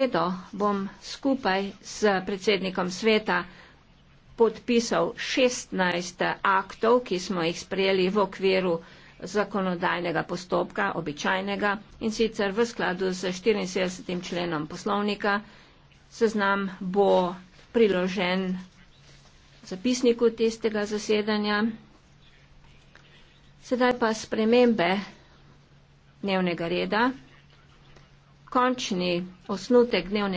sredo bom skupaj s predsednikom sveta podpisal 16 aktov, ki smo jih sprejeli v okviru zakonodajnega postopka, običajnega, in sicer v skladu z 74. členom poslovnika. Seznam bo priložen zapisniku tistega zasedanja. Sedaj pa spremembe dnevnega reda končni osnutek dnevne